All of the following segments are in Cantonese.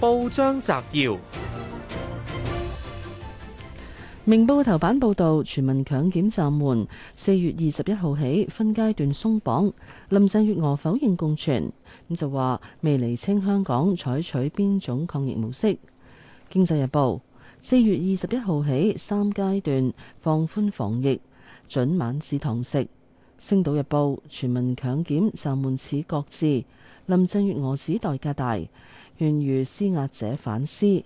報章摘要：明報頭版報道，全民強檢暫緩，四月二十一號起分階段鬆綁。林鄭月娥否認共存，咁就話未釐清香港採取邊種抗疫模式。經濟日報，四月二十一號起三階段放寬防疫，准晚市堂食。星島日報，全民強檢暫緩，始各自。林鄭月娥指代價大。勸喻施壓者反思。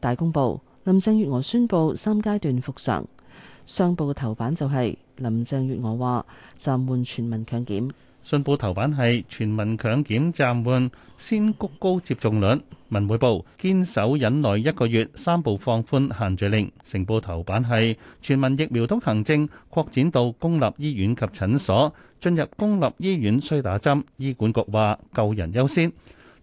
大公報，林鄭月娥宣布三階段復常。商報頭版就係林鄭月娥話暫緩全民強檢。信報頭版係全民強檢暫緩，先谷高接種率。文匯報堅守忍耐一個月，三步放寬限聚令。成報頭版係全民疫苗通行證擴展到公立醫院及診所。進入公立醫院需打針，醫管局話救人優先。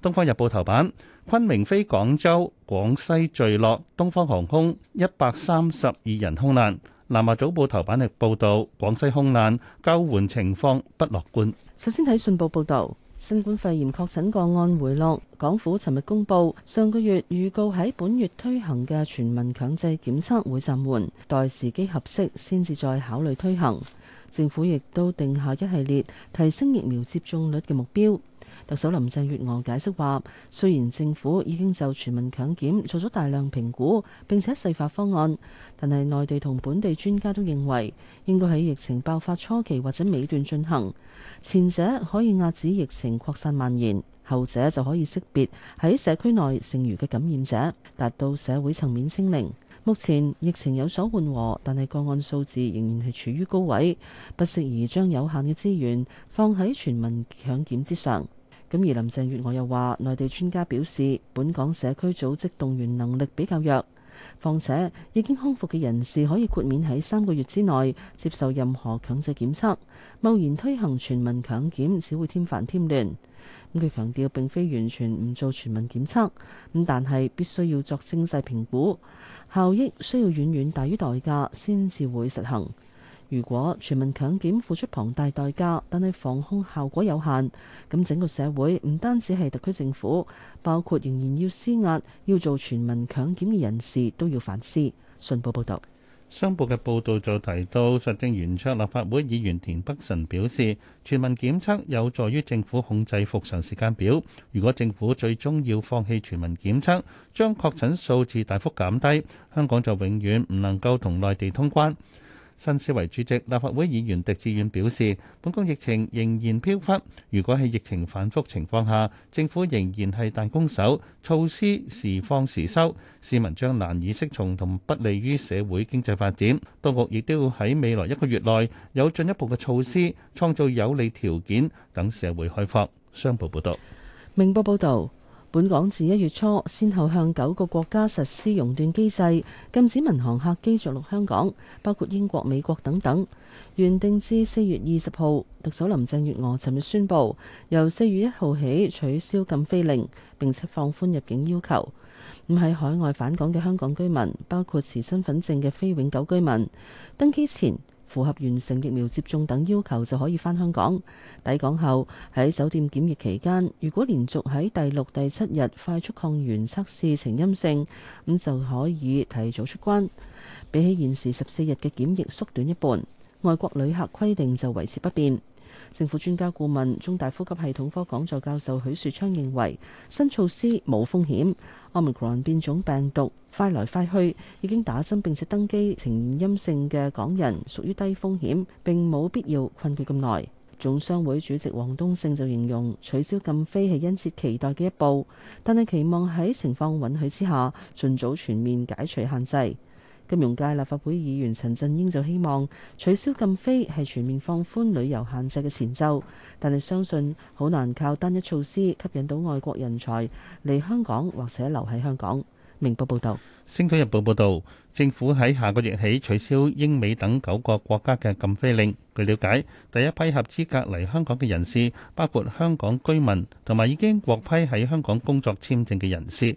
東方日報頭版：昆明飛廣州，廣西墜落，東方航空一百三十二人空難。南華早報頭版亦報道，廣西空難救援情況不樂觀。首先睇信報報道，新冠肺炎確診個案回落。港府尋日公布，上個月預告喺本月推行嘅全民強制檢測會暫緩，待時機合適先至再考慮推行。政府亦都定下一系列提升疫苗接種率嘅目標。特首林鄭月娥解釋話：雖然政府已經就全民強檢做咗大量評估，並且細化方案，但係內地同本地專家都認為應該喺疫情爆發初期或者尾段進行。前者可以壓止疫情擴散蔓延，後者就可以識別喺社區內剩餘嘅感染者，達到社會層面清零。目前疫情有所緩和，但係個案數字仍然係處於高位，不適宜將有限嘅資源放喺全民強檢之上。咁而林鄭月娥又話，內地專家表示，本港社區組織動員能力比較弱，況且已經康復嘅人士可以豁免喺三個月之內接受任何強制檢測。貿然推行全民強檢只會添煩添亂。咁佢強調，並非完全唔做全民檢測，咁但係必須要作精細評估，效益需要遠遠大於代價先至會實行。如果全民強檢付出龐大代價，但係防控效果有限，咁整個社會唔單止係特區政府，包括仍然要施壓、要做全民強檢嘅人士都要反思。信報報導。商報嘅報導就提到，實政圓桌立法會議員田北辰表示，全民檢測有助於政府控制復常時間表。如果政府最終要放棄全民檢測，將確診數字大幅減低，香港就永遠唔能夠同內地通關。新思維主席、立法會議員狄志遠表示，本港疫情仍然飄忽，如果喺疫情反覆情況下，政府仍然係彈弓手，措施時放時收，市民將難以適從，同不利於社會經濟發展。當局亦都要喺未來一個月內有進一步嘅措施，創造有利條件，等社會開放。商報報道。明報報導。本港自一月初，先後向九個國家實施熔斷機制，禁止民航客機着陸香港，包括英國、美國等等。原定至四月二十號，特首林鄭月娥尋日宣布，由四月一號起取消禁飛令，並且放寬入境要求。唔喺海外返港嘅香港居民，包括持身份證嘅非永久居民，登機前。符合完成疫苗接種等要求就可以翻香港。抵港後喺酒店檢疫期間，如果連續喺第六、第七日快速抗原測試呈陰性，咁就可以提早出關，比起現時十四日嘅檢疫縮短一半，外國旅客規定就維持不變。政府專家顧問、中大呼吸系統科講座教授許樹昌認為，新措施冇風險。Omicron 變種病毒快來快去，已經打針並且登機呈陰性嘅港人屬於低風險，並冇必要困住咁耐。總商會主席王冬勝就形容取消禁飛係殷切期待嘅一步，但係期望喺情況允許之下，盡早全面解除限制。金融界立法會議員陳振英就希望取消禁飛係全面放寬旅遊限制嘅前奏，但係相信好難靠單一措施吸引到外國人才嚟香港或者留喺香港。明報報導，《星島日報》報道，政府喺下個月起取消英美等九個國家嘅禁飛令。據了解，第一批合資格嚟香港嘅人士包括香港居民同埋已經獲批喺香港工作簽證嘅人士。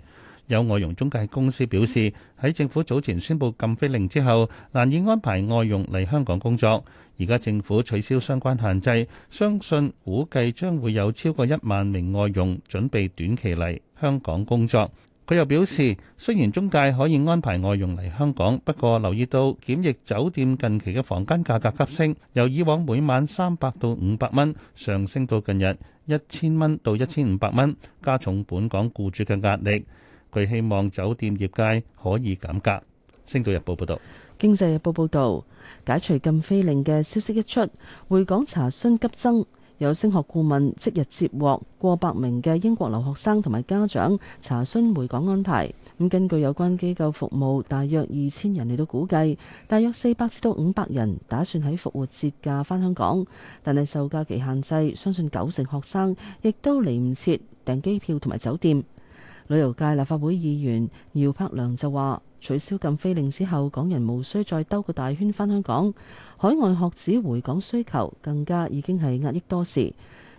有外傭中介公司表示，喺政府早前宣布禁飛令之後難以安排外傭嚟香港工作。而家政府取消相關限制，相信估計將會有超過一萬名外傭準備短期嚟香港工作。佢又表示，雖然中介可以安排外傭嚟香港，不過留意到檢疫酒店近期嘅房間價格急升，由以往每晚三百到五百蚊上升到近日一千蚊到一千五百蚊，加重本港僱主嘅壓力。佢希望酒店業界可以減價。星島日報報道，經濟日報報道，解除禁飛令嘅消息一出，回港查詢急增。有升學顧問即日接獲過百名嘅英國留學生同埋家長查詢回港安排。咁根據有關機構服務大約二千人嚟到，估計大約四百至到五百人打算喺復活節假返香港，但係售價期限制，相信九成學生亦都嚟唔切訂機票同埋酒店。旅遊界立法會議員姚柏良就話：取消禁飛令之後，港人無需再兜個大圈返香港，海外學子回港需求更加已經係壓抑多時。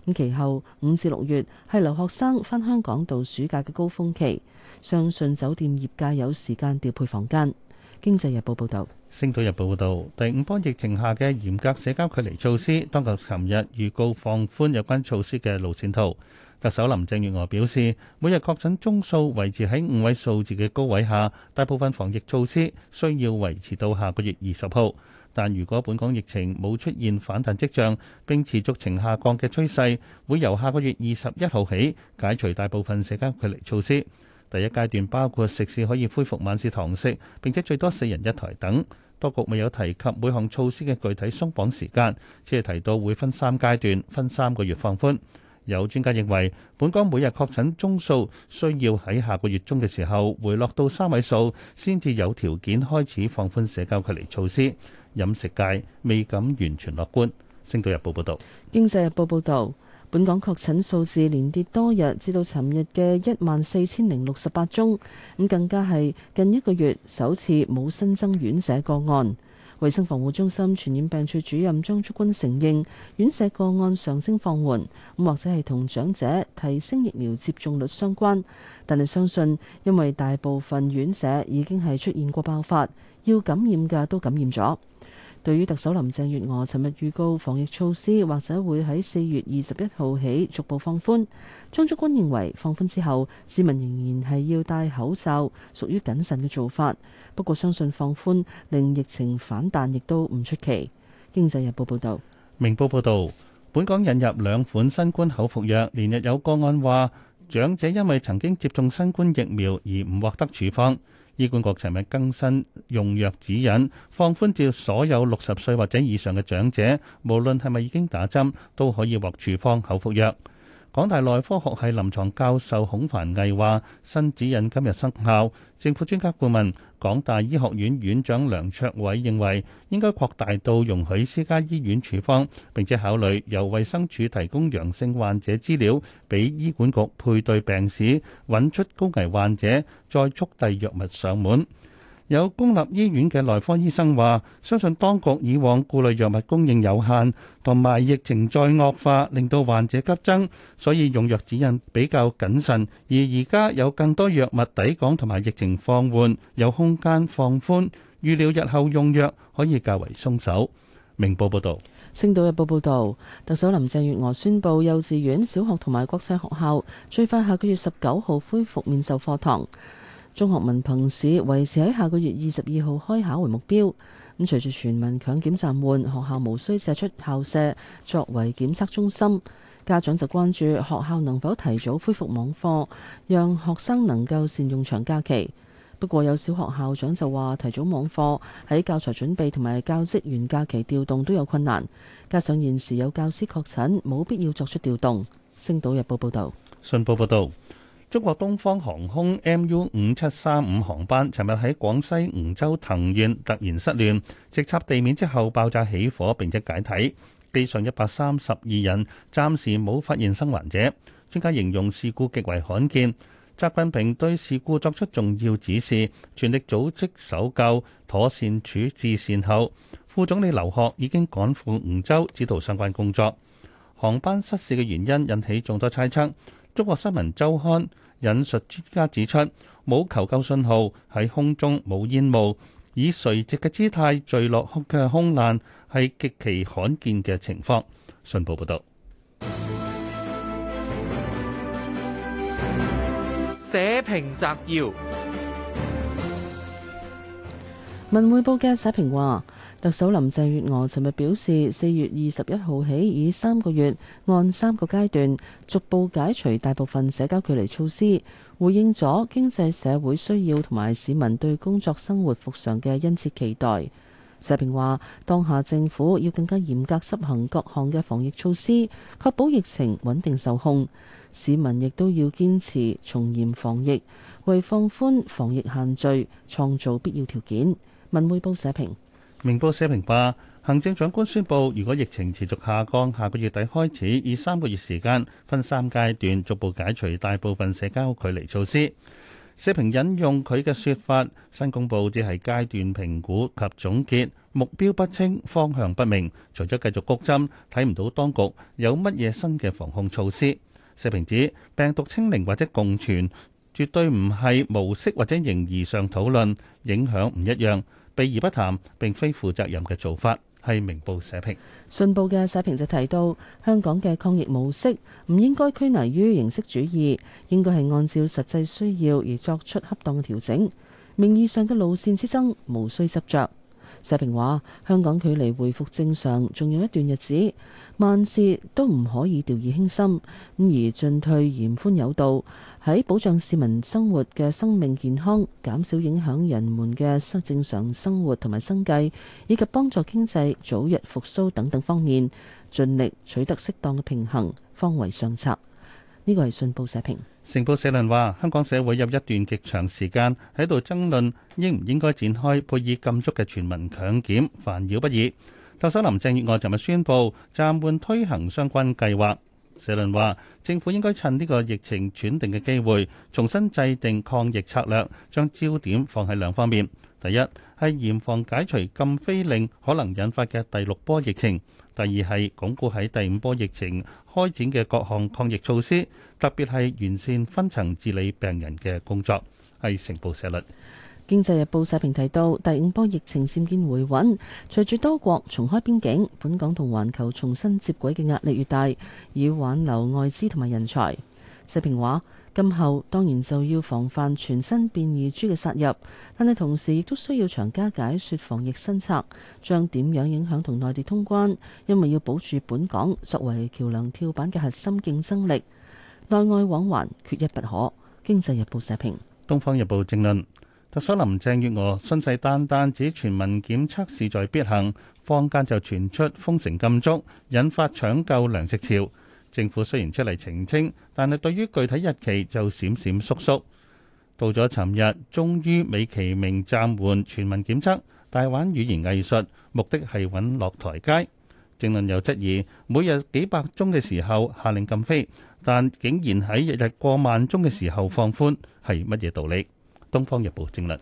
咁其後五至六月係留學生返香港度暑假嘅高峰期，相信酒店業界有時間調配房間。經濟日報報道。《星島日報》報導，第五波疫情下嘅嚴格社交距離措施，當局琴日預告放寬有關措施嘅路線圖。特首林鄭月娥表示，每日確診宗數維持喺五位數字嘅高位下，大部分防疫措施需要維持到下個月二十號。但如果本港疫情冇出現反彈跡象，並持續呈下降嘅趨勢，會由下個月二十一號起解除大部分社交距離措施。第一階段包括食肆可以恢復晚市堂食，並且最多四人一台等。當局未有提及每項措施嘅具體鬆綁時間，只係提到會分三階段，分三個月放寬。有專家認為，本港每日確診宗數需要喺下個月中嘅時候回落到三位數，先至有條件開始放寬社交距離措施。飲食界未敢完全樂觀。星島日報報道。經濟日報報導。本港確診數字連跌多日，至到尋日嘅一萬四千零六十八宗，咁更加係近一個月首次冇新增院舍個案。衞生防護中心傳染病處主任張竹君承認，院舍個案上升放緩，咁或者係同長者提升疫苗接種率相關，但係相信因為大部分院舍已經係出現過爆發，要感染嘅都感染咗。對於特首林鄭月娥尋日預告防疫措施或者會喺四月二十一號起逐步放寬，張竹君認為放寬之後市民仍然係要戴口罩，屬於謹慎嘅做法。不過相信放寬令疫情反彈亦都唔出奇。經濟日報報道。明報報道，本港引入兩款新冠口服藥，連日有個案話長者因為曾經接種新冠疫苗而唔獲得處方。醫管局尋日更新用藥指引，放寬至所有六十歲或者以上嘅長者，無論係咪已經打針，都可以獲處方口服藥。港大內科學系臨床教授孔凡毅話：新指引今日生效。政府專家顧問、港大醫學院院長梁卓偉認為，應該擴大到容許私家醫院處方，並且考慮由衛生署提供陽性患者資料，俾醫管局配對病史，揾出高危患者，再速遞藥物上門。有公立醫院嘅內科醫生話：相信當局以往顧慮藥物供應有限，同埋疫情再惡化，令到患者急增，所以用藥指引比較謹慎。而而家有更多藥物抵港，同埋疫情放緩，有空間放寬，預料日後用藥可以較為鬆手。明報報導。《星島日報》報導，特首林鄭月娥宣布，幼稚園、小學同埋國際學校最快下個月十九號恢復面授課堂。中學文憑試維持喺下個月二十二號開考為目標。咁隨住全民強檢暫緩，學校無需借出校舍作為檢測中心。家長就關注學校能否提早恢復網課，讓學生能夠善用長假期。不過有小學校長就話，提早網課喺教材準備同埋教職員假期調動都有困難。加上現時有教師確診，冇必要作出調動。星島日報報道，信報報道。中國東方航空 MU 五七三五航班尋日喺廣西梧州藤縣突然失聯，直插地面之後爆炸起火並且解體，機上一百三十二人暫時冇發現生還者。專家形容事故極為罕見，習近平對事故作出重要指示，全力組織搜救、妥善處置善後。副總理劉鶴已經趕赴梧州指導相關工作。航班失事嘅原因引起眾多猜測。《中國新聞週刊》引述專家指出，冇求救信號喺空中冇煙霧，以垂直嘅姿態墜落嘅空難係極其罕見嘅情況。信報報道：社評摘要：文匯報嘅社評話。特首林鄭月娥尋日表示，四月二十一號起，以三個月按三個階段逐步解除大部分社交距離措施，回應咗經濟社會需要同埋市民對工作生活復常嘅殷切期待。社評話，當下政府要更加嚴格執行各項嘅防疫措施，確保疫情穩定受控。市民亦都要堅持從嚴防疫，為放寬防疫限聚創造必要條件。文匯報社評。明報社評話，行政長官宣布，如果疫情持續下降，下個月底開始，以三個月時間分三階段逐步解除大部分社交距離措施。社評引用佢嘅說法，新公佈只係階段評估及總結，目標不清，方向不明，除咗繼續谷針，睇唔到當局有乜嘢新嘅防控措施。社評指，病毒清零或者共存，絕對唔係模式或者形而上討論，影響唔一樣。避而不談，並非負責任嘅做法，係明報社評。信報嘅社評就提到，香港嘅抗疫模式唔應該拘泥於形式主義，應該係按照實際需要而作出恰當嘅調整。名義上嘅路線之爭，無需執着。社評話：香港距離回復正常仲有一段日子，萬事都唔可以掉以輕心咁，而進退嚴寬有度，喺保障市民生活嘅生命健康、減少影響人們嘅生正常生活同埋生計，以及幫助經濟早日復蘇等等方面，盡力取得適當嘅平衡，方為上策。呢個係信報社評。《成報》社論話：香港社會有一段極長時間喺度爭論應唔應該展開配以禁足嘅全民強檢，煩擾不已。特首林鄭月娥尋日宣布暫緩推行相關計劃。社論話，政府應該趁呢個疫情轉定嘅機會，重新制定抗疫策略，將焦點放喺兩方面：第一，係嚴防解除禁飛令可能引發嘅第六波疫情；第二，係鞏固喺第五波疫情開展嘅各項抗疫措施，特別係完善分層治理病人嘅工作。係成報社論。經濟日報社評提到，第五波疫情漸見回穩，隨住多國重開邊境，本港同環球重新接軌嘅壓力越大，以挽留外資同埋人才。社評話：今後當然就要防範全新變異株嘅殺入，但係同時亦都需要長加解說防疫新策，將點樣影響同內地通關，因為要保住本港作為橋樑跳板嘅核心競爭力，內外往環缺一不可。經濟日報社評，東方日報正論。特首林鄭月娥信誓旦旦指全民檢測事在必行，坊間就傳出封城禁足，引發搶救糧食潮。政府雖然出嚟澄清，但係對於具體日期就閃閃縮縮。到咗尋日，終於美其名暫緩全民檢測，大玩語言藝術，目的係搵落台階。政論又質疑，每日幾百宗嘅時候下令禁飛，但竟然喺日日過萬宗嘅時候放寬，係乜嘢道理？東方日報正論。